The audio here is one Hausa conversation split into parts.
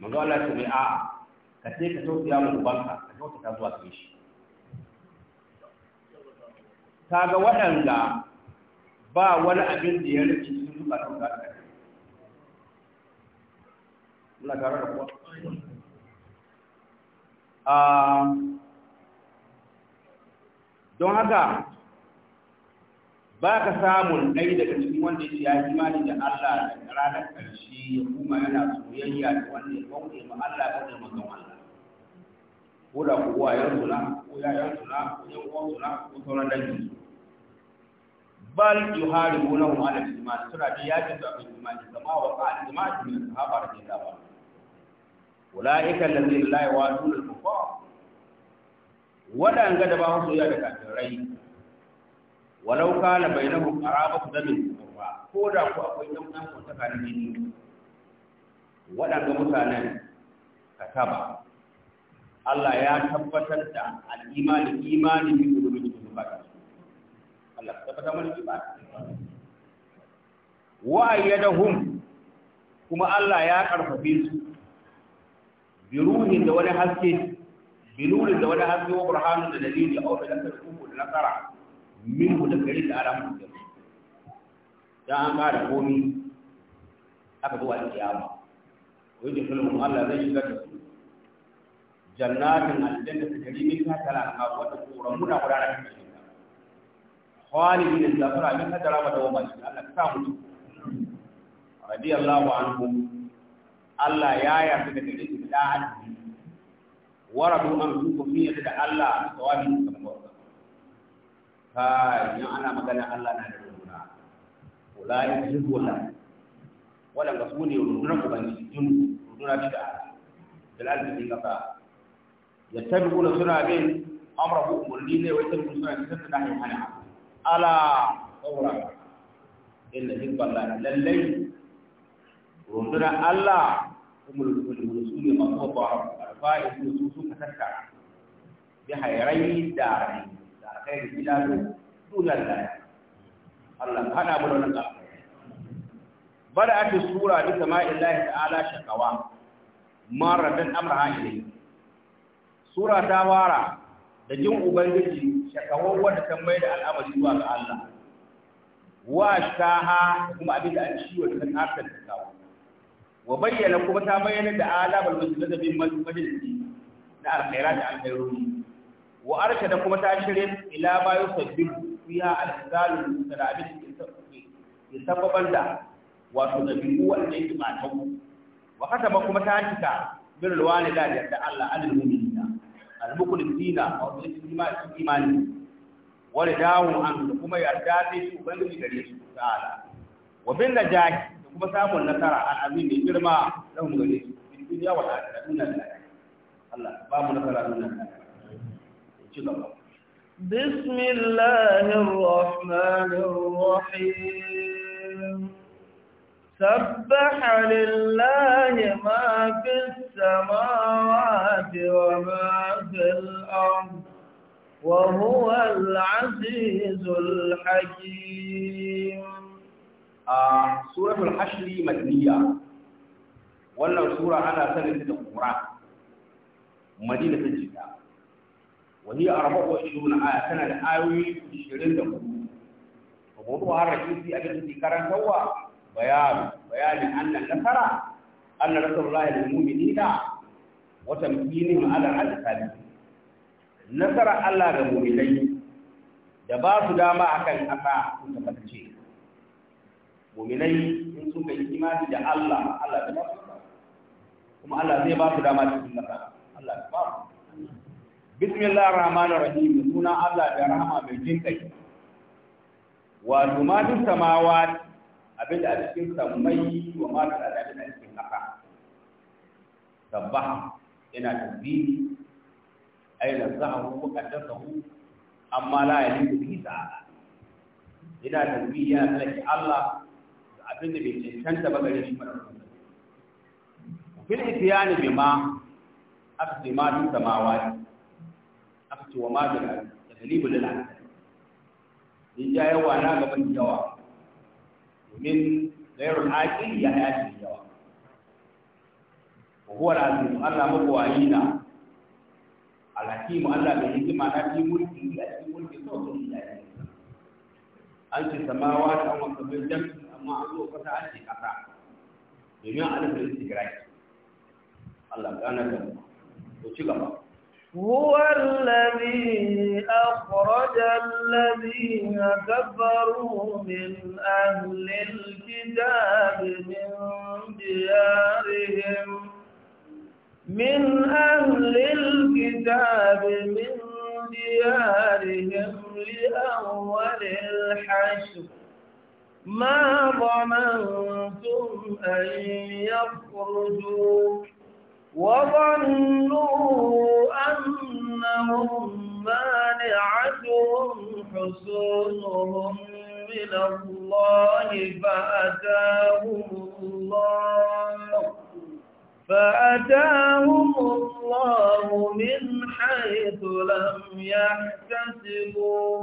manzo Allah ce a ka ce ka sauke ya mu banka ka sauke ta zuwa gare kaga waɗanda ba wani abin da ya rike cikin zukatan da aka muna tare da kuwa ah, don haka ba ka samun ɗai daga cikin wanda ya yi imani da Allah da ranar ƙarshe ya kuma yana soyayya da wanda ya bauta ma Allah ko da manzon Allah ko da kuwa yan suna ko yayan suna ko yan uwan suna ko sauran dangin su bal yuharibuna hum ala iman sura da yaki da iman kama wa qala iman min sahaba da kitab ulaika zai la yawaduna al-kufar wadanga da ba su ya da kafirai walau kana bainahum qarabatu damin ba ko da ku akwai dan dan ko tsakanin jini waɗanda mutanen kataba Allah ya tabbatar da al-imani imani bi qulubi zubat Allah tabbatar mana zubat wa ayyadahum kuma Allah ya karfafe su biruhin da wani haske biruhin da wani haske wa burhanun da dalili au da nasara da nasara min da gari da alamun da ta an da komi aka zuwa kiyama wai da filmin Allah zai shiga da su jannatin aljanna ta gari min ta tara a wata kura muna gudanar da shi khalidin da fara min ta tara mata wani Allah ka sa mu radiyallahu anhu Allah ya yarda da gari da adadi waradu an su kuma da Allah tawabin kai yan ana magana Allah na da runduna ulai wala ga su ne rundunar jin ta da dal alfi kasa na suna bin amrahu umurni ne wai tabbun suna cikin da hana ala saurara inna hizballah lallai rundunar Allah kuma rundunar su ne su tattara bi hayrai da rai alkhairi ila dun Allah Allah hana mu da wannan bada'atu sura bi sama'illahi ta'ala shakawa dan amraha ilayhi sura ta wara da jin ubangiji shakawar wanda ta mai da al'amari zuwa ga Allah wa shaha kuma abin da an ciwo da kan arta ta kawo wa bayyana kuma ta bayyana da alabal masjid da bin masjid na alkhairat al-khairuni wa arka da kuma ta shirin ila bayu sabbin fiya al-zalim da abin da ya sababan da wato da bi wanda yake ba ta wa kataba kuma ta cika bil walida da yadda Allah alil mu'minina al muqlisina wa bil imani wa ridawu an da kuma yarda dai su ubangiji gare su ta'ala wa bin najah da kuma samun nasara al azim mai girma lahum gare su duniya wa ta'ala Allah ba mu nasara duniya بسم الله الرحمن الرحيم سبح لله ما في السماوات وما في الأرض وهو العزيز الحكيم آه، سورة الحشر مدنية ولا سورة على سنة القرآن مدينة الجدار وهي أربعة وعشرون آية سنة الآية عشرين دقيقة وموضوعها الرئيسي الذي ذكرنا هو بيان بيان أن النصر أن رسول الله للمؤمنين وتمكينهم على الأسفل نصر الله للمؤمنين da ba su dama a kan ƙasa sun tabbatacce mominai in suka yi imani da Allah Allah zai ba su kuma Allah zai ba su dama cikin ƙasa Allah ba su bismillah rahman rahim da suna Allah da rahama mai jin kai wato ma duk samawa abinda a cikin samai wa ma da abinda a cikin kasa sabbaha ina tasbihi ay nazahu muqaddasahu amma la yaliku bihi ta'ala ina tasbihi ya Allah Allah abinda bai cancanta ba gare shi mara fil itiyani bima aqdimatu samawati to wa ma da da galibu lila in ja yawa na gaban yawa domin gairu haƙi ya haƙi yawa wa huwa al-azim Allah mabawani na al mu Allah bai hikima na fi mulki ya cikin mulki sau sun da ne an ce samawa ta wanka bai jami'i amma an zo kasa an ce kasa domin a nufin istigraki Allah gane da mu ci gaba هو الذي أخرج الذين كفروا من أهل الكتاب من ديارهم من أهل الكتاب من ديارهم لأول الحشر ما ظننتم أن يخرجوا وظنوا أنهم مانعتهم حصونهم من الله فأتاهم الله فأتاهم الله من حيث لم يحتسبوا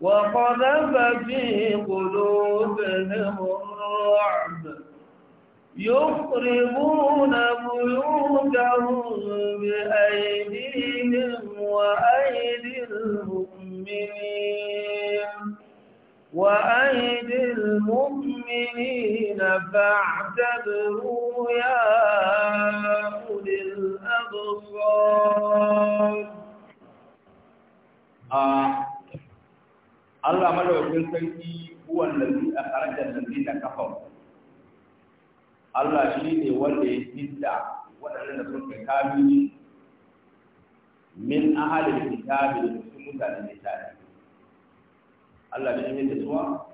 وقذف في قلوبهم الرعب يخربون بيوتهم بأيديهم وأيدي المؤمنين وأيدي المؤمنين فاعتبروا يا أولي الأبصار آه، الله ملوك الفيدي هو الذي أخرج الذين كفروا Allah shi ne wanda ya fidda waɗanda sun kai kafiri min ahalin kitabi da su mutane ne tare Allah shi ne da suwa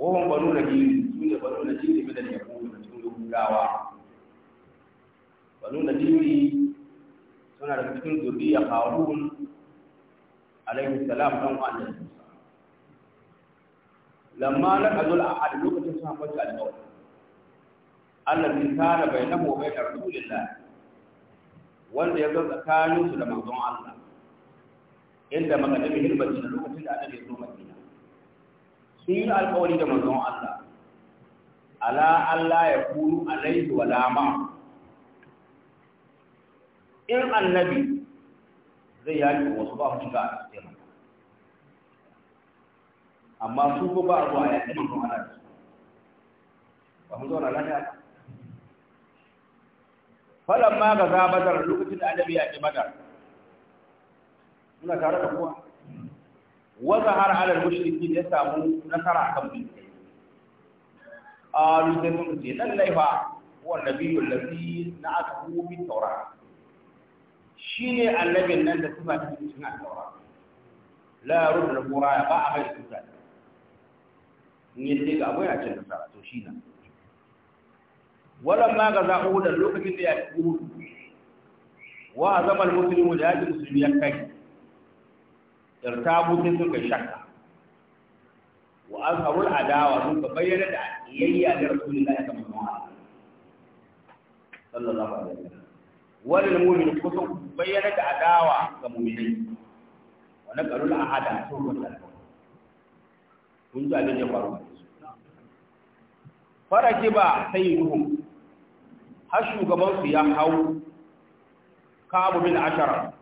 Wawan banu na gini, su ne banu na jiri bidan ya kuma da cikin yahudawa banu na jiri suna da cikin zuriya harun alaihi salam wani. Lamma na lamma a ahad lokacin sun haɓaka alƙawari allazi kana bainahu wa bain rasulillah wanda ya zo tsakanin su da manzon Allah inda makadami hilbaci lokacin da annabi ya zo Madina sun yi alƙawari da manzon Allah ala Allah ya kuru alaihi wa lama in annabi zai yaki wasu ba su shiga a cikin amma su ko ba zuwa yaƙi manzon Allah ba mu zauna lafiya ba falan ma ga za badar lokacin da annabi ya ci badar muna tare da kowa wa har ala mushriki ya samu nasara kan mushrikai qalu sai sun ce lallai fa huwa nabiyyu allazi na'atuhu taura. Shi ne annabin nan da kuma cikin taura. la rudu al-qur'an ba a mai tsaya ne dai ga abin a cikin tawrat to shi nan walan ma ga za'u da lokacin da ya kudu wa azamal muslimu da yaji musulmi ya kai irtabu sai suka shakka wa azharul adawa sun ka bayyana da iyayya da rasulullahi sallallahu alaihi wasallam wal mu'min kusun bayyana da adawa ga mu'minai wa naqalul ahada sun ka kun ji abin da faru farakiba sayyiduhum har shugabansu ya hau kabu bin ashara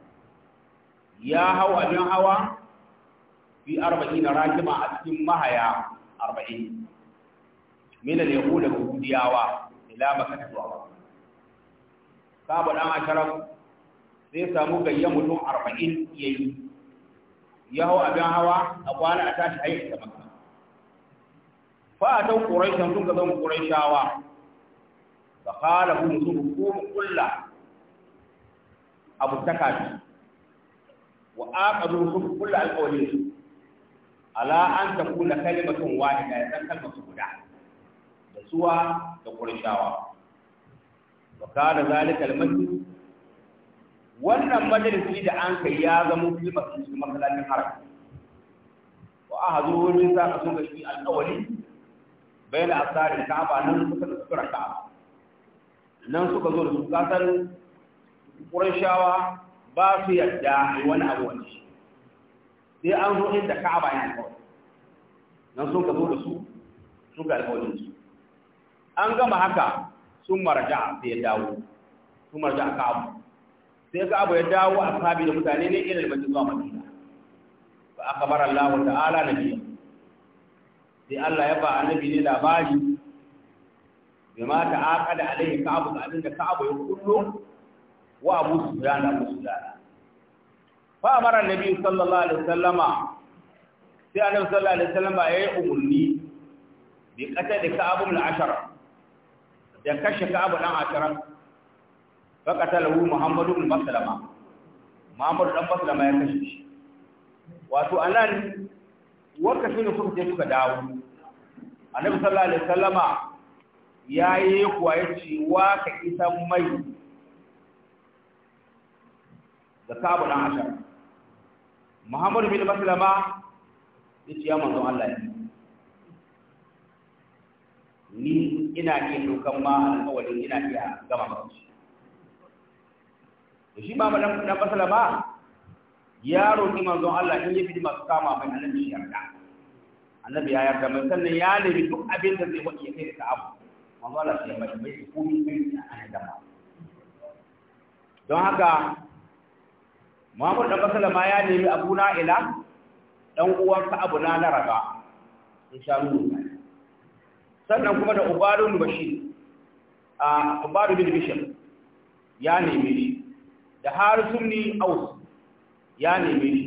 ya hau abin hawa fi arba'in rajima a cikin mahaya arba'in min al-yahud da gudiyawa ila makka zuwa kabu dan ashara sai samu gayyan mutum arba'in yayi ya hau abin hawa a kwana a tashi hayyar ta makka fa a tau quraishan sun ga zan quraishawa fa qala hu musubu kum kulla abu takati wa aqadu kula alƙawarin su, ala an ta kula takuna kalimatun wahida ya san kalmar su guda da suwa da qurayshawa wa kana zalika almasjid wannan majalisi da an kai ya zama filmar su masallacin haram wa aha zo wurin za ka so ga shi alƙawari bayan asarin ka'aba nan kusa da sutura ka'aba nan suka zo da su kasar ƙurashawa ba su yadda wani abu wani shi sai an zo inda ka'aba yana kawai nan sun ka zo da su sun ga alƙawarin su an gama haka sun marja sai ya dawo sun marja ka'abu sai ka'abu ya dawo a sabi da mutane ne irin da zuwa madina a akbar Allah ta'ala nabiyya sai Allah ya ba annabi ne labari bima ta aqada alaihi ka'ab da abin da ka'ab ya kullu wa abu sufyan abu sufyan fa amara annabi sallallahu alaihi wasallama sai annabi sallallahu alaihi wasallama yi umurni bi qatad ka'ab al-ashara da kashe ka'ab dan ashara fa qatalahu muhammadu bin maslama muhammadu dan maslama ya kashe shi wato anan wanka shi ne suka je suka dawo annabi sallallahu alaihi wasallama ya yi kuwa ya ce wa ka isan mai da kabu na ashar muhammadu bin maslama ya ce ya manzon Allah ne ni ina iya dokan ma alƙawarin ina iya gama masu da shi ma madan dan maslama ya roƙi manzon Allah in ya fi masu kama mai annabi yarda annabi ya yarda mai sannan ya nemi duk abin da zai wani ya kai da abu mazala sai mai mai komi mai an da ma don haka Muhammad da Masalama ya nemi Abu Na'ila dan uwan abu na na raba in sha nuna sannan kuma da Ubadun Bashir a Ubadu bin Bashir, ya nemi shi da Harisun ni Aus ya nemi shi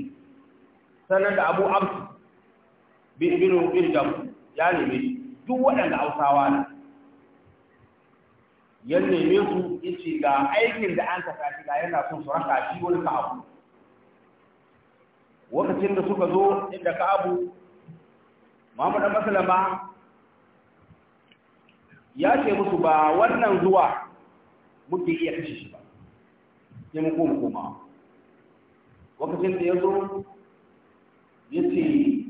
sannan da Abu Amsu bin bin Dam ya nemi shi duk waɗanda Hausawa ne ya neme su ce ga aikin da an saka shi ga yana son suraka shi wani ka'abu wakacin da suka zo inda ka'abu muhammadu masalama ya ce musu ba wannan zuwa muke iya kashe shi ba sai mu koma ma wakacin da ya zo ya ce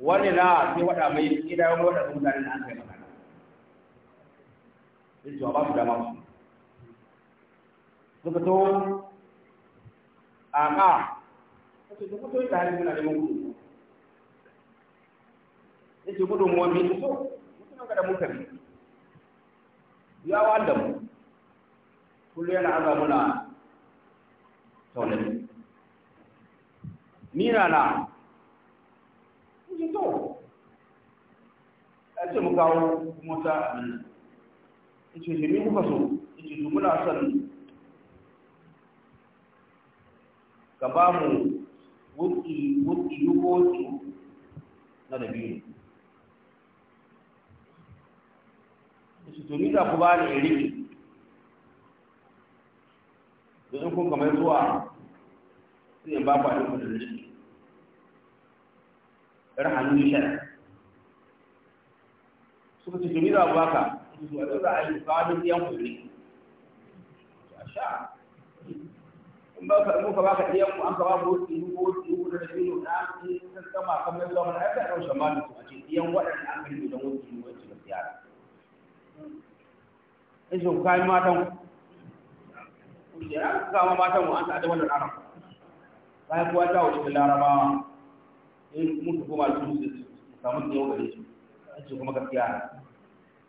wani na sai waɗa mai gida wani waɗa sun mutane na an kai magana ya ce ba su dama su suka to a ka kace duk to da hali muna neman kuɗi ya ce gudun mu so bi ya wanda mu kullu yana aza muna taunani ni na na ya ce to mu ce shi me kuka so ce to muna son ka ba mu wuki wuki na da biyu yace ce tuni da ku ba ni iri don in kun kamar zuwa sai in ba ku a kudin da riki hannun shara suka ce tuni ni da ku ka wadda alifadun yan kuri a ka muka ba ka ɗiyan yi wasu yi wasu da shi na in san kama kamar zuwa ka ɗau shamani su a an karbe don wasu yi wasu da siyara in shi ku kayan ya kama matan mu an ta adabar da ranar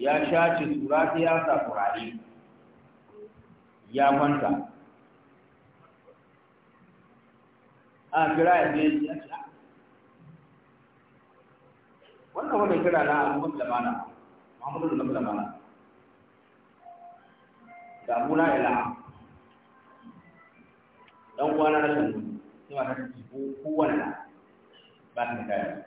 ya shace tura ta ya sa turare ya kwanta a kira ya ne ya ce ah. wannan wani kira na abubuwan lamana mahamudu da lamana da abuna ila dan uwa na shan sai ma ta ci ko kowanne ba ta kaya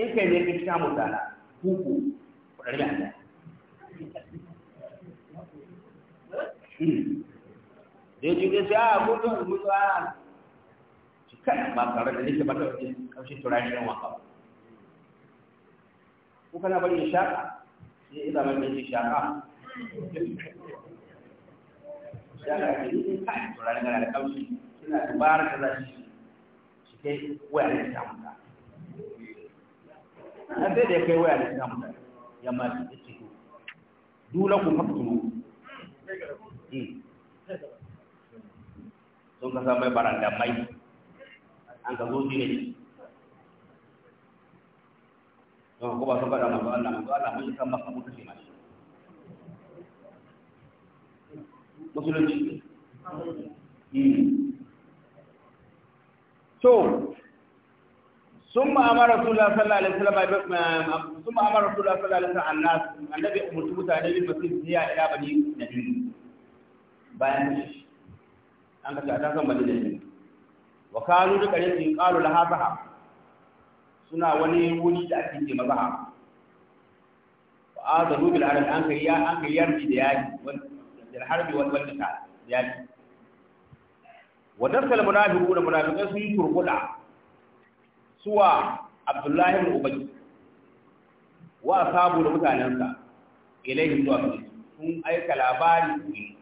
in kai ne ka sha mutala huku kudari da Allah hmm. dai ji dai a ah, mutum mutu a ah. shi kai ba tare da nake bata wajen kaushin turare yan waka ko kana bari ya shaka sai ina mai mai shaka shaka ne ni kai turare kana da kaushi kina da barka da shi shi kai wayar da ta mutala an de ke ya kai waya da suna mutane ya ma ce ce to dula ku faktulu hmm. sun sa mai baranda mai an ka go shi ne don ko ba so ba sun faɗa mazu Allah mazu Allah mun ma masa mutu lo mashi musulunci so hmm. ثم امر رسول الله صلى الله عليه وسلم ثم امر رسول الله صلى الله عليه وسلم الناس النبي امرت mutane bin masjid ziya ila bani nabi bayan an ta bani wa kanu da kare su qalu suna wani wuri da ake ce mazaha wa azalu bil arab an kai ya an kai yarbi da yaki da harbi wani ta, da yaki wa dakal munafiquna munafiqun sun turbuda suwa abdullahi ibn ubay wa asabu da mutanensa ilaihim zuwa gare sun aika labari ne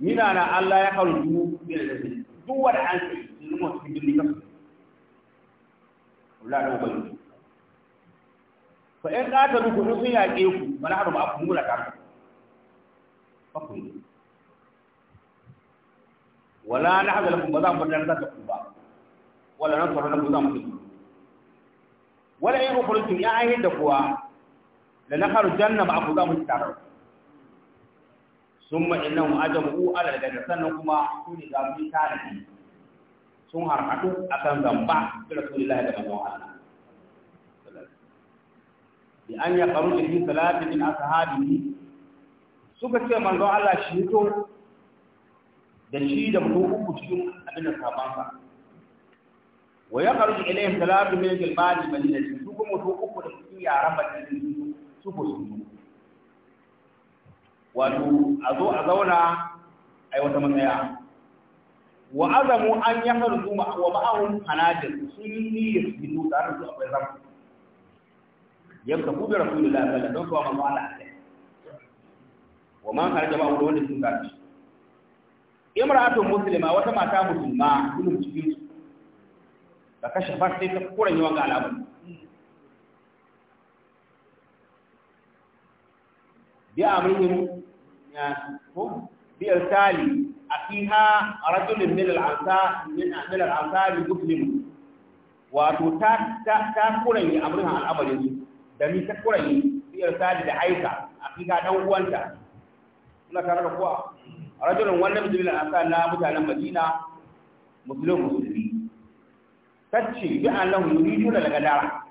mina na Allah ya karu du da duk wanda an sai sun mu cikin kan? Allah da ubay fa in ka ta duku sun yaƙe ku bana har ba ku mura ka ku wala na hada lakum ba za mu ku ba wala na faru na ku za mu gudu wala in ukhrijtum ya kuwa da kuwa la nakharu janna ba ku za mu tare summa innahum ajabu ala daga sannan kuma su ne za mu ne sun har harkatu akan zamba da rasulullahi da manzon Allah bi an ya qaru bi salati min ne, suka ce manzo Allah shi to da shi da mutum uku cikin abin da sabansa wa ya faru ilayhim salatu min al-bali madinati su kuma to uku da cikin yaran madinati su ko su wato a zo a zauna ai wata matsaya wa azamu an yahruzu ma wa ma'ahum hanajir sun yi niyyar su fito da su akwai zam yanka ku bi rasulullahi sallallahu alaihi wa don kuma Allah wa man kharaja ba wanda sun gaci imra'atun muslima wata mata musulma kullum cikin su ba kashe ba ta kuran yawan ga al'amari bi amrin ya ko bi irsali akiha rajulun min al ansa min min al-ansar muslim wato ta ta kuran yi amrin al'amarin su da mi ta kuran yi bi Sali da aika akiha dan uwanta kuna tare da kuwa rajulun wannan mutumin al ansa na mutanen Madina muslim muslim tacce bi Allah yuridu da lagadara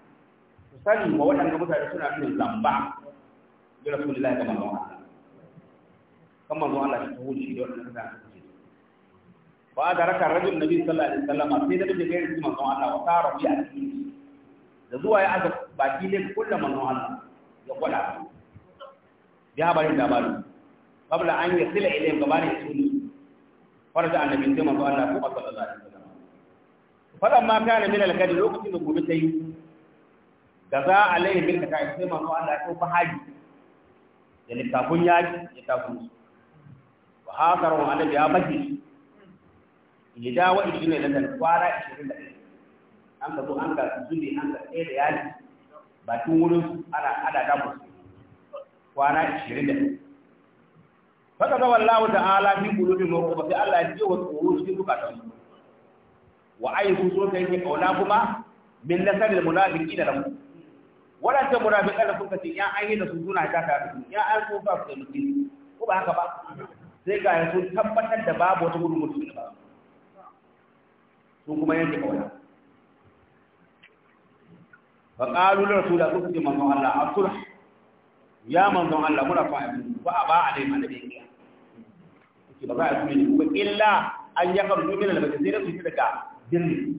sani wa waɗanda mutane suna cin zamba bi rasulullahi da Allah kuma manzon Allah shi wuce da wannan da shi wa da raka rajul nabi sallallahu alaihi wasallam sai da duk gairin su manzo Allah wa tara bi alaihi da zuwa ya aka baki ne kullum manzo Allah ya kula ya bari da bari qabla an yasila ilayhi gabanin sunni farza annabi sai manzo Allah sallallahu alaihi wasallam fadan ma kana min al-gadi lokacin da gobe sai da za a laye min ka sai manzo Allah ko fahaji ya ni ta kun yaji ya ta kun wa hakaru annabi ya baki ida wa idin ne da kwara 21 an ka to an ka zubi an ka tsaye da yaji ba tun wurin ana ada da musu kwara 21 faka ga wallahu ta'ala fi qulubi mu'min sai Allah ya ji wa wa aizu so ta ke kauna kuma min nasaril munafiqina lahu waɗancan munafiki da suka ce ya an yi da su suna ta ta ya an so ba su da mutum ko ba haka ba sai ga yanzu tabbatar da babu wata gudun mutum ba Sun kuma yanke kauna fa qalu li rasul Allah suka ce manzon Allah asul ya manzon Allah muna fa a ba a dai annabi ya ce ba za a yi ne ba illa an yakaru min da bajir sai da su daga birri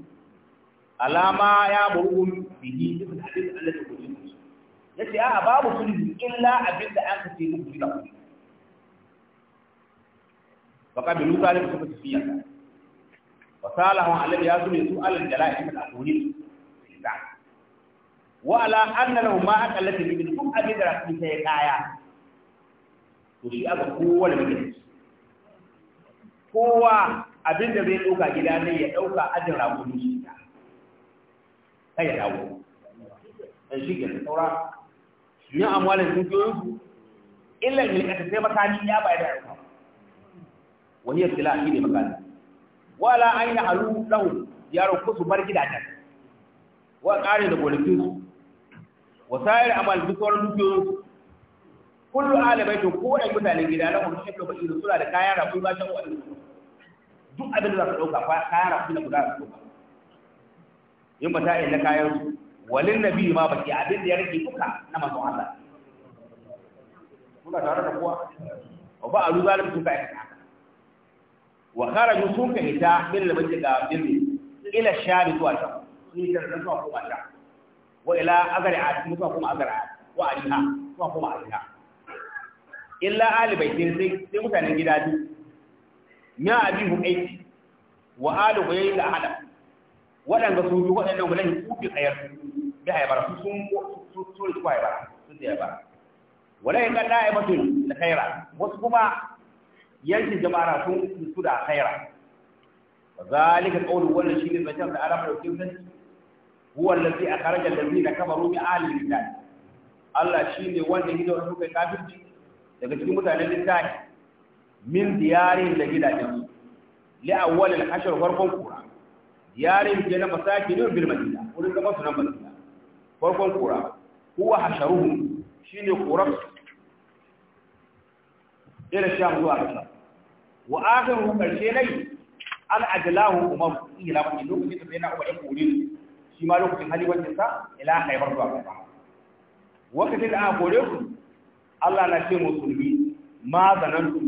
alama ya burgun bihi ibn hadith alladhi ya yace a babu sulhu illa abinda an kace muku shi da ku faka bi luka ne kuma ya wa salahu alladhi yasmi su alal jala'i min al-awlil wa ala anna lahu ma aqallati min duk abinda rasul sai kaya to shi aka kowa da mutum kowa abin da zai ɗauka gida ne ya ɗauka ajin raƙumi shi ta ya dawo dan shi ke da saura ni amwalin sun kiyoyin su illa milkata sai makani ya bayar da ɗauka wani ya sila shi ne makani wala an yi halu lahu yaro ku su bar gidajen wa ƙari da gonakin su wa sayar amal duk wani dukiyoyin su kullu to ko wani mutanen gida na kuma shekaru suna da kayan rafi ba shan waɗansu duk abin da za ka ɗauka fa kara kula guda ka ɗauka yin ba ta yi na kayan su walin nabi ma baki abin da ya rage duka na masu Allah kuna tare da kowa ba ba a ruza da mutum ka aikata wa kharaju sun ka hita min da masjid ga birni ila shari zuwa ta sun yi tarda zuwa kuma ta wa ila a cikin zuwa kuma agari'a wa aliha zuwa kuma aliha illa alibai sai mutanen gida duk na abi hukaiti wa alu ya yi ahada waɗanda su yi waɗanda gudan kufi hayar da haibara su sun su su haibara sun da haibara wala ya kada ya mutum da khaira wasu kuma yanki jama'ara sun su da khaira zalika qawlu wannan shi shine zancen da Allah madaukakin sarki a allazi akhraja allazina kafaru bi ahli al-kitab Allah shi ne wanda yake da suka kafirci daga cikin mutanen littafi min diyarin da gidajen su li awwal al hashr farkon kura diyarin ke na masakin bil madina wurin da masu nan madina farkon kura huwa hasharuhum shine kurar ila sham zuwa kasa wa akhiru karshe nai al ajlahu umar ila wani lokacin da bai na umar kurin shi ma lokacin halibancin sa ila haibar zuwa kasa wakati da aka kore ku, Allah na ce musulmi ma zanantum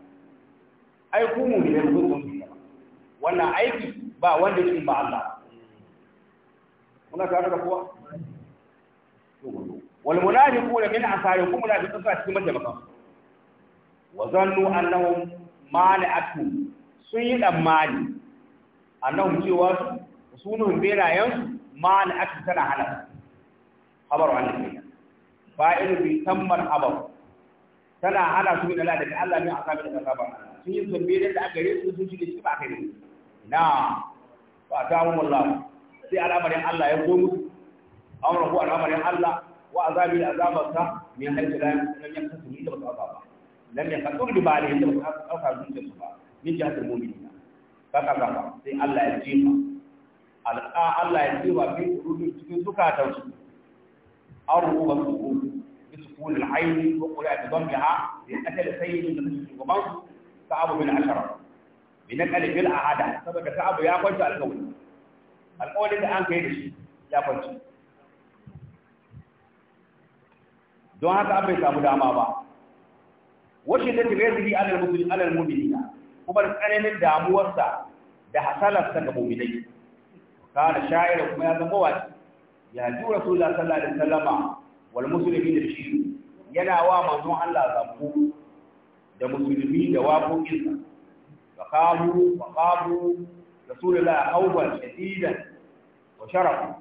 ai ku mu ne ku wannan aiki ba wanda yake ba Allah kuna ta da kowa wal munafiquna min asarikum munafiqun sa cikin majalisa wa zannu annahum mani'atun sun yi damani annahum cewa sunun berayen mani'atun tana halaka habaru an nabiya fa'ilu bi tamman habaru tana hala su ne Allah da Allah ne asabi da sabar Allah sun yi zambe da aka gare su sun shige shi ba kai na ba ta mu Allah sai al'amarin Allah ya gomu amra ko al'amarin Allah wa azabi da azabarsa min haythu ne ya kasu ni da ba ba yaktasu bi kasu da ba ka ka zuciya da ba min da mu'minina ka ka ka sai Allah ya jima al'a Allah ya jima bi rubu cikin zukatan su arhu ba su ko bi wa qula'a bi bi atal sayyid min shugaban ka'ab bin ashraf bin al bil ahada saboda ka'ab ya kwanta alƙawari alƙawarin da an kai da shi ya kwanci don haka an bai samu dama ba washe da tirezili alal musulmi alal mu'minina kuma tsananin damuwarsa da hasalarsa ga mu'minai kana sha'ira kuma ya zama wani ya ji rasulullah sallallahu alaihi wasallama wal muslimin bishir yana wa manzon Allah zambu da musulmi da waƙoƙinsa fa qamu fa qamu a awwal shadidan wa sharafu.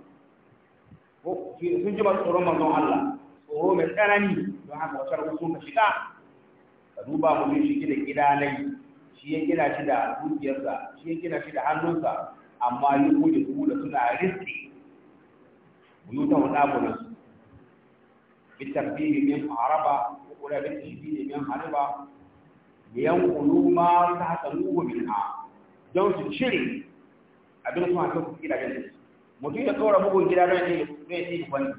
ko sun ji ba tsoron manzon Allah tsoro mai tsanani don haka wa sharafu sun shiga ka duba mu shi gida gidanai shi ya gina shi da dukiyarsa shi ya gina shi da hannunsa amma yi kuje su da suna riski buyutan wani abunan su bitar biyu min haraba ko kula bitar shi biyu min haraba liyan ma ta haka nuhu min don su abin su masu kuki gani mutum ya tsora bugun gida don ya yi M'utu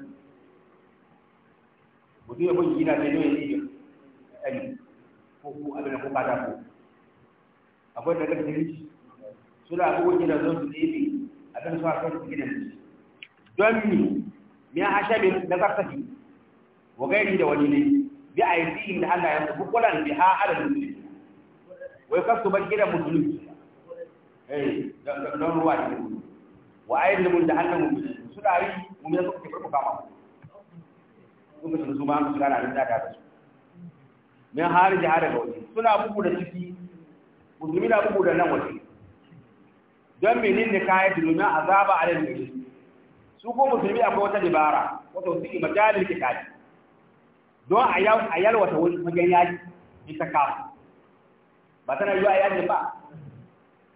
mutum ya bugun gida don ya yi ɗani ko ku abin ku ko kata akwai da suna bugun gida don su abin su masu kuki da gani don ni ya na da zartafi wa gairi da wani ne bi a yi da Allah ya tafi bi ha adadin wai su bar gidan musulunci eh don ruwa ne wa ayin da mun da hannun mu su dari mu da suka ke farko kama ko ka su ma su gana da da su min har da har waje suna bugu da ciki musulmi na bugu da nan waje don menene kayan domin azaba a ne. su ko musulmi akwai wata dabara wata wasu majalin kitali don a wata wani magan yaki bisa kafa ba tana yiwa ya ba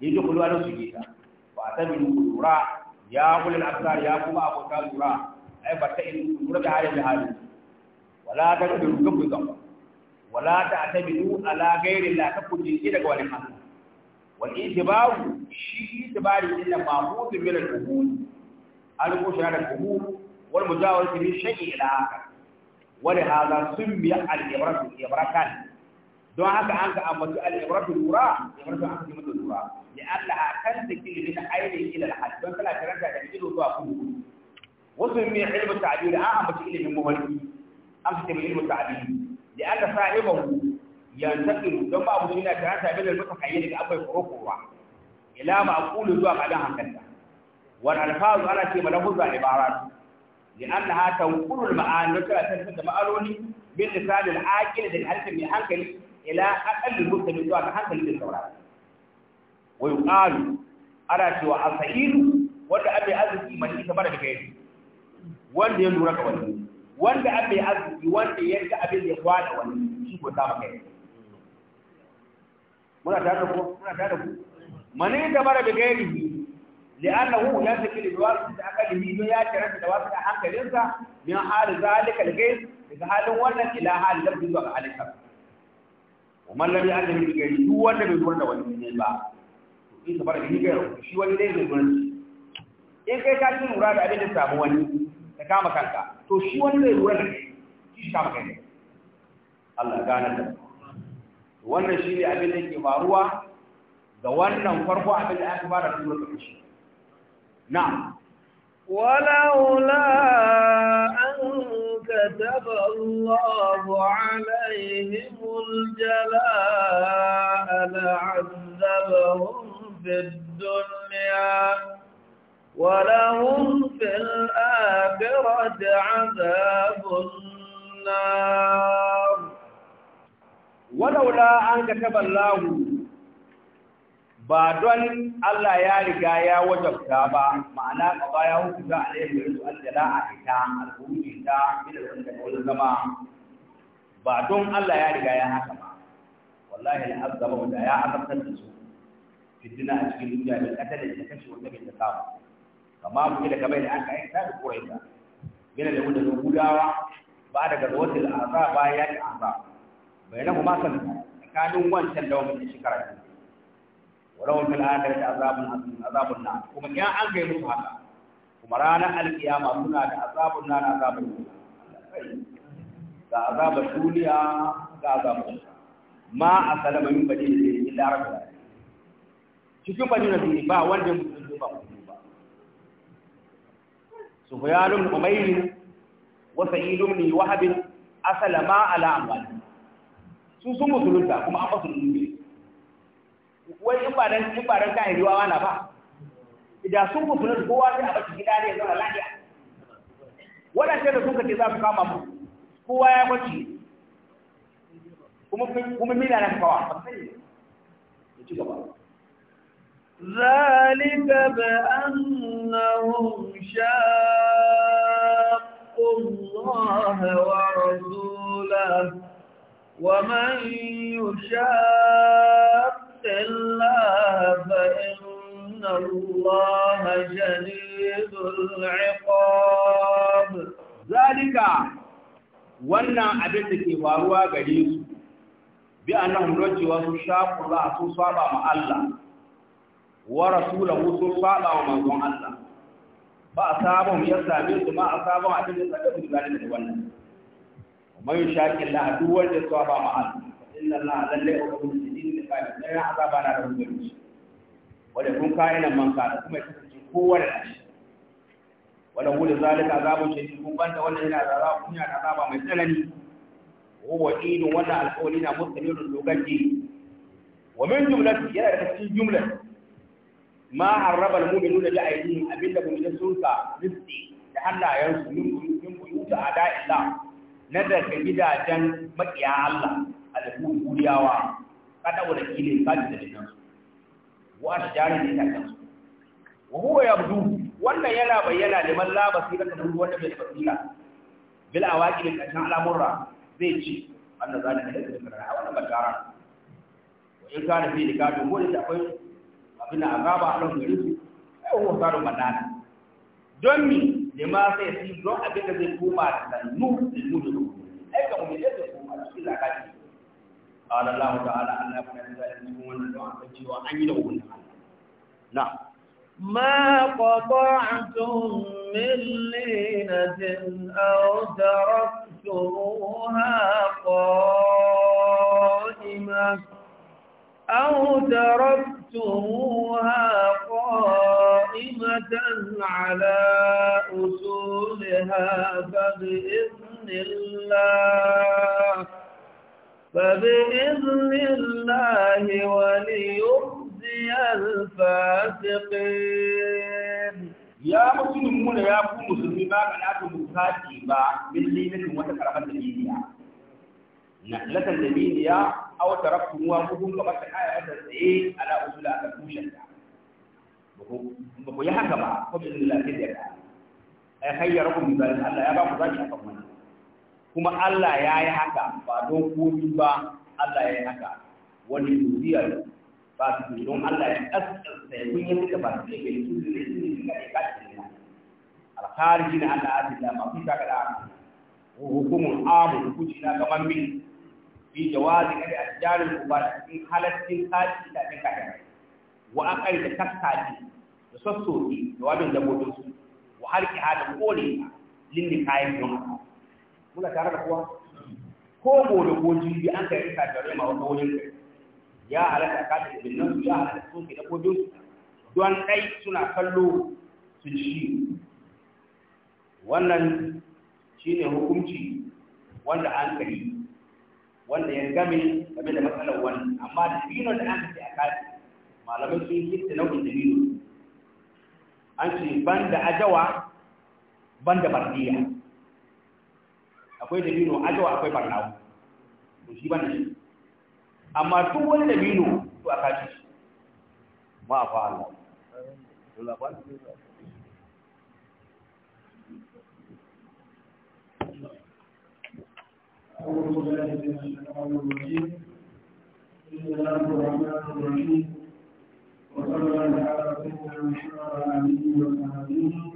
ne duk kulwa da su yi ta ba ta ya kulul absar ya kuma abota lura ai ba ta in lura da halin da wala ta bi rukan ku wala ta ta ala ghairi la ta kuje ki daga wani Allah wal itibaru shi itibari illa ma'mud min al-umur al-kushra al-umur wal mujawazati bi shay'in ila akhar ولهذا سمي الإبرة الإبرة كان don haka an ga ambaci al-ibratu lura ibratu an kuma lura ya Allah kan zikiri min aini ila al-hajj don kana karanta da ido zuwa kudu wasu min ilmu ta'bir an ambaci ilimin muhalli. an fita min ilmu ta'bir ya Allah sahibahu yantaqilu don ba abu ina karanta da mutakayyin da akwai furuwa ila ma'qulu zuwa kadan hankalta wal alfaz ana ce malafuza ibarat لأنها تنقل المعاني وتأثر المعاني باللسان العاقل للألف من حنكلي ila aqalli mutane zuwa ga hankali da saurari wa yuqalu ana cewa asailu wanda abai arziki man ita mara daga yake wanda ya lura ka wani wanda abai arziki wanda ya ga abin ya kwana wani shi ko ta maka muna tare da ku muna tare da ku man ita mara daga yake لأنه يمسك الواسط أقل من ياتي da wasu da hankalinsa min hal zalika al-gayb daga halin wannan ila hal lafzi zuwa ومن لم يعلم بالغير هو الذي يدور ده wani ne ba in ka fara gani gairo shi wani ne zai gurin in kai ka cikin lura da abin da samu wani ka kama kanka to shi wani zai lura da kai shi kama kai Allah gane da wannan shi ne abin da ke faruwa da wannan farko abin da aka fara tura ka shi na'am walaula an كتب الله عليهم الجلاء لعذبهم في الدنيا ولهم في الآخرة عذاب النار ولولا أن كتب الله ba don Allah ya riga ya wajabta ba ma'ana ba ya hukunta a laifin su aljala a ita alhuji ta ila wanda wani zama ba don Allah ya riga ya haka ba wallahi na azaba wanda ya azabtar da su fitina a cikin duniya da katalin da kashe wanda bai ta samu kama mu da kamar da an kai ta da kurai ta yana da wanda gudawa ba daga zawatul azaba ya ta azaba kuma san tsakanin wancan da wani shekara ولهم في الآخرة عذاب عظيم عذاب النار كما يا أنكي مسحقا كما رانا القيامة سنة عذاب النار عذاب النار ga azabar duniya ga azabar ma a salama min bade da zai illa rabu da cikin bade da zai ba wanda mutum zai ba mutum ba su bayanun umairi wa sa'idun ni wahabin asalama ala amwali su sun musulunta kuma an basu duniya wai in ba dan in ba dan kan riwawa na ba idan sun ku da kowa sai a baki gida ne zama lafiya sai da suka ce za su kama mu kowa ya bace kuma kuma mina na kawa ba sai ya ci gaba ذلك بأنهم شاقوا الله ورسوله ومن يشاق الله فإن الله شديد العقاب ذلك wannan abin da ke faruwa gare su bi annahum rajiwa sun shaku za su ma Allah wa rasulahu sun saba wa Allah ba a sabon ya same su ma a sabon abin da suka gane wannan shakin misali dan ya azaba na rabu da shi wala kun kai nan man kana kuma ya kasance kowa da shi wala wala zalika azabun shadid kun banda wannan yana azaba kunya da azaba mai tsanani huwa idun wannan alƙawari na mustamilun lokaci wa min jumlati yana da cikin jumlar ma harraba al-mu'minuna da aydihim abinda mu'minin sun ka rizqi da Allah hannayensu min min buyuta ada illa na daga gidajen makiya Allah al-hudiyawa kada wala kile kadi da nan wa ashjarin ne kan su wa huwa yabdu wannan yana bayyana liman la basira da duk wanda bai basira bil awaqil kashan al'amurra zai ci annan ne da kira a wannan bakara wa in kana fi to ko da akwai abin da azaba a nan gari ai huwa saru madana don mi ma sai shi don abin da zai koma da sannu da mudu ai ka yadda ne da koma shi zakati قال الله تعالى أن يكون ذلك يكون الوعد وأن نعم ما قطعتم من لينة أو تركتموها قائمة أو تركتموها قائمة على أصولها فبإذن الله فبإذن الله وليخزي الفاسقين يا مسلمون يا أبو مسلمي ما من لي من لينة وتكرمة الليبيا نقلة الليبيا أو تركتموها وهم كما تحايا وتسعين على أصول أكتوشة بقول يا حكمه فبإذن الله يعني. خيركم من بلد الله يا بابا افضل أكتوشة kuma Allah ya yi haka ba don komi ba Allah ya yi haka wani ne ba su don Allah ya kaskasta ya kunye yi suka ba su ne gari su ne su ne suka ne kaskasta ne alkhari na Allah a cikin mafi saka da haka hukumun amu hukunci na kamar min fi jawazi kada a jarin uba da cikin halaccin kaci da cikin kayan wa akari da tattaki da sassoki da wajen dabbobinsu wa harki hada kore lindi kayan don muna tare da kuwa ko da ko bi an kai ka tare ma wannan wurin ya alaka ka da bin su ya alaka sun ke da goji don dai suna kallo su ci wannan shine hukunci wanda an kai wanda ya game game da matsalar wani amma da dino da an kai a kaji malamai sun yi ta nau'in da dino an ce ban da ajawa ban da bardiya akwai dabino ajawa akwai barnawo to shi ne shi amma duk wani dabino to a kashi shi ma fa Allah وصلى الله على سيدنا محمد وعلى وصحبه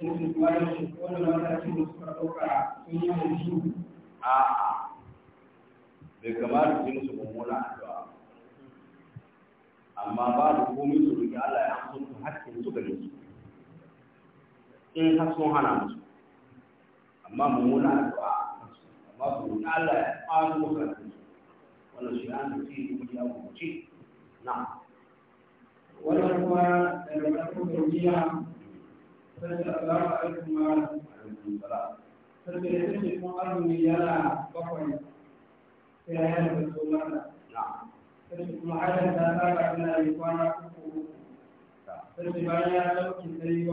irin malamin da suka a'a bai kamata su yi musu mummunan amma ba da komai su roƙi Allah ya haso su hakkin su su in hana musu amma mummunan addu'a amma su roƙi Allah ya ƙaro musu hakkin su wannan shi an da ci kuma ya kuci na wannan kuma daga farko da jiya sarki Allahu yana bakwai sai yana da kwana ya ibada ana nan sai dai sun wata ya kuma ya abu ne sai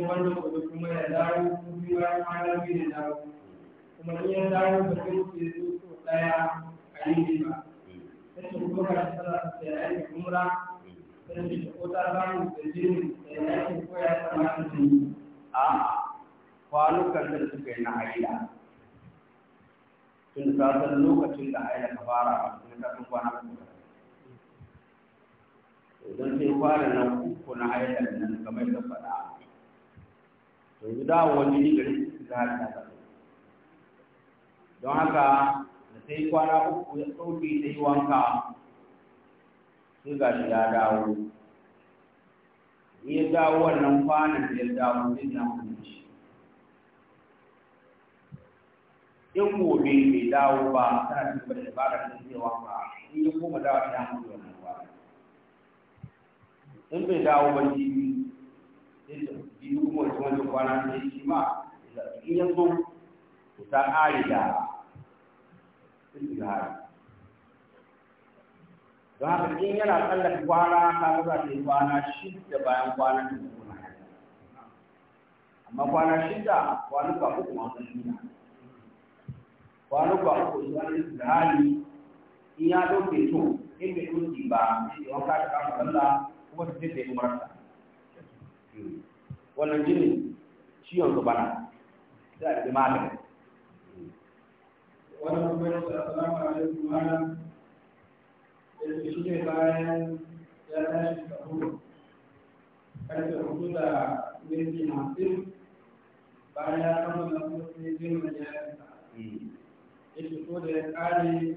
wannan ya ya biyu dawo kuma in ya dawo da kai ke zo so daya a yi ba, sai ce kuma ga shi da ta yi aikin umra ta ce ko ta samu da jini da yi aikin koya ta ma ta yi a kwanukan da suka yi na haila tun da san lokacin da haila ka fara a cikin kasan kwana kuma idan sai fara na uku na haila nan kamar da to yanzu da wani gari da ta haɗa don haka da sai kwana uku ya sauke ta yi wanka sai ga shi ya dawo ya dawo wannan kwanan da ya dawo zai na kunci in gobe bai dawo ba tana cikin da ba da zai wanka in ya kuma dawo ta mutu wannan kwanan in bai dawo ba jibi sai da jibi kuma wani kwana sai shi ma in ya ku ta ƙari da istihari don haka in yana tsallaka kwana ka za ta yi kwana shida bayan kwana ta kuna amma kwana shida kwanuka uku masu nuna kwanuka uku su wani istihari in ya doke to in bai doke ba in wanka ta kama sallah kuma ta tafi umarta wannan jini ciwon su bana sai a yi magani wani kuma ya ce assalamu alaikum malam ya ce shi bayan ya tashi da hudu karfe hudu da minti hamsin bayan ya kama na kuma sai zai majalisa ya ce ko da ya kare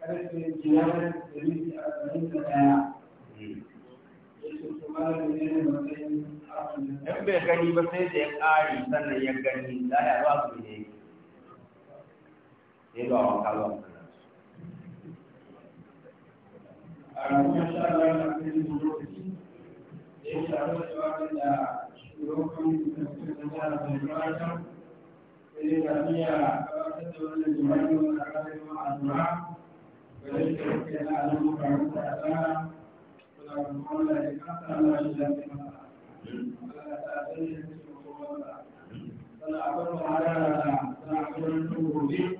karfe biyar da minti arba'in da daya in bai gani ba sai da ya ƙari sannan ya gani za a ba su ne da yawa wa kalwa a kuma da da da da da yi da da da da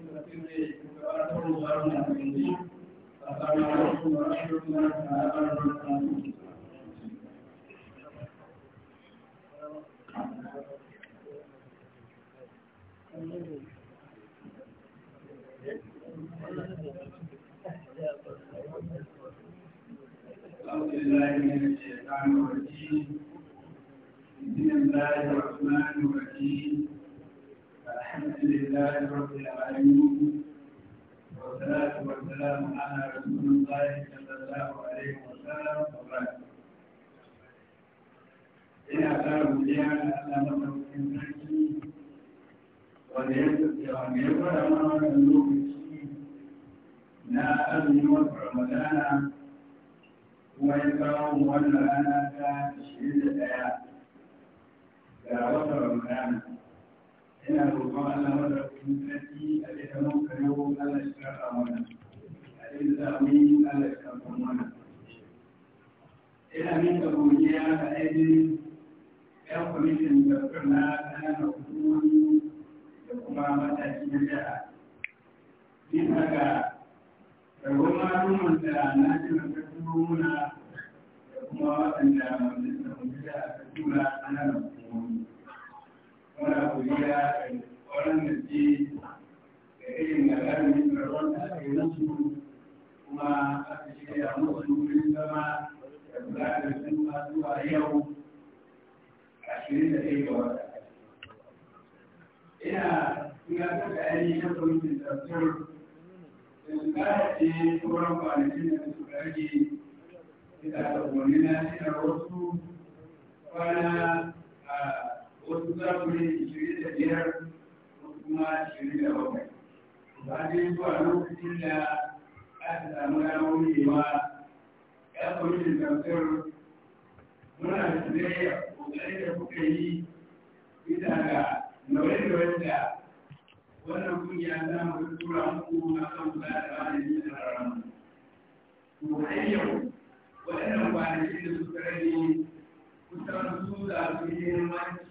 الله العظيم السلام عليكم ورحمة الله تعالى وبركاته أعوذ بالله من الشيطان الرجيم بسم الله الرحمن الرحيم الحمد لله رب العالمين والصلاة والسلام على رسول الله صلى الله عليه وسلم وبعد إن أثار مليان أن مطلب إنساني في يغير ولا مرة من لا أبني وفرمدانا ويكره ولا أنا كان شيء الآيات لا وفرمدانا yana roƙon Allah wanda kun sarki a ita mun Allah shi karɓa mana a Allah shi karɓa mana ina min da godiya ga ainihin ƴan kwamitin da na ƙananan hukumomi da kuma mataki na jiha Min haka rabon malumin da na ji na muna da kuma waɗanda majalisar mutu da aka tura ƙananan hukumomi muna kuriya wannan da ji da irin da da da aka yi nasu kuma aka shirya musu wurin zama da kula da sun zuwa yau ashirin da ɗaya ga wata. Ina tunatar da ainihin kwamitin tattur da su ce sauran kwanakin da su rage da ta na wasu kwana a ah, wasu za ku yi ishirin da biyar wasu kuma ishirin da bakwai ba dai zuwa lokacin da aka samu yawon yiwa ya kwamishin tafsir muna da zai kokarin da kuka yi bisa ga nauyin da wanda wannan kungiya za mu tura muku na kan kula da malami da rarramu. To har yau waɗannan kwanaki da suka rage kusan su za su yi muhimmanci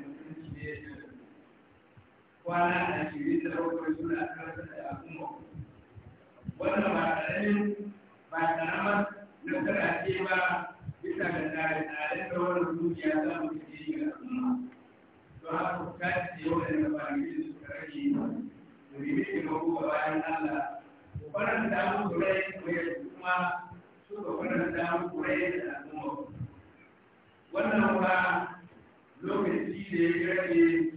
kwana ashirin da bakwai suna karanta da al'umma wannan ba ƙaramin ba ƙaramar nasara ce ba bisa ga tsare-tsaren da wannan dukiya za mu ke yi ga al'umma don haka ta ce waɗanda ba ne da suka rage da rime taimako ga bayan Allah ku faranta musu rai yi kuma su ka faranta musu rai da al'umma wannan ba lokaci ne ya rage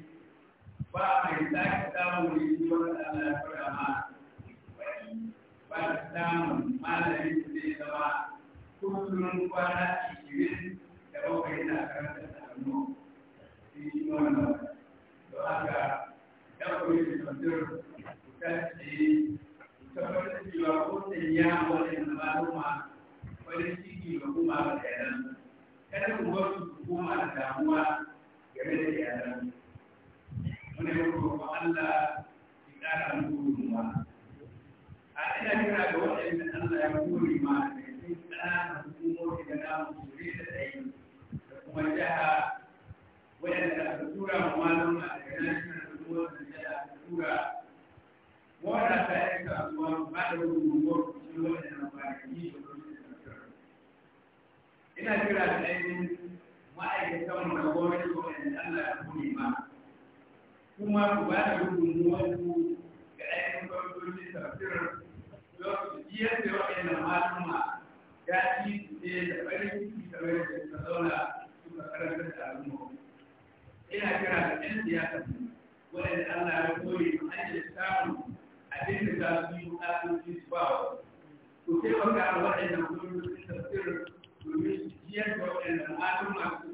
ba a mai sake samun rikici wanda Allah ya fara ma ba a samun malamin da zai zama kullum kwana ishirin da bakwai na karanta da hannu shi wannan don haka ya koyi da kandir kusurci tabbatar da cewa kusan ya wani na maluma wani ciki da kuma da yaran kada ku bar su kuma da damuwa yi Allah ya a ina kira ga waɗanda Allah ya ma ne kuma malama ba da ina kira da ainihin ma'aikatan mu na gwamnati wanda Allah ya ma kuma ku ba da gudunmuwar ku ga ainihin gwamnati tafsirar su yadda ya ci su ne da farin ciki zauna karanta da al'umma ina kira da 'yan siyasa waɗanda Allah ya ma samun da su yi su ba wa ku taimaka waɗannan tafsirar domin waɗannan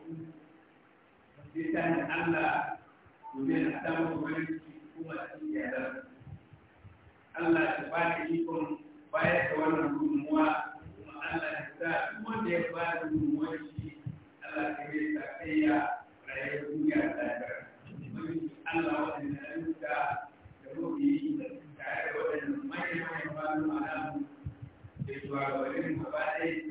ne Allah domin a samu wani kuma a cikin yadda Allah ya ba da ikon bayar da wannan gudunmuwa kuma Allah ya sa duk wanda ya ba da gudunmuwar shi ya yi duniya ta da Allah wanda ya da da manyan manyan ba da da shugabannin gaba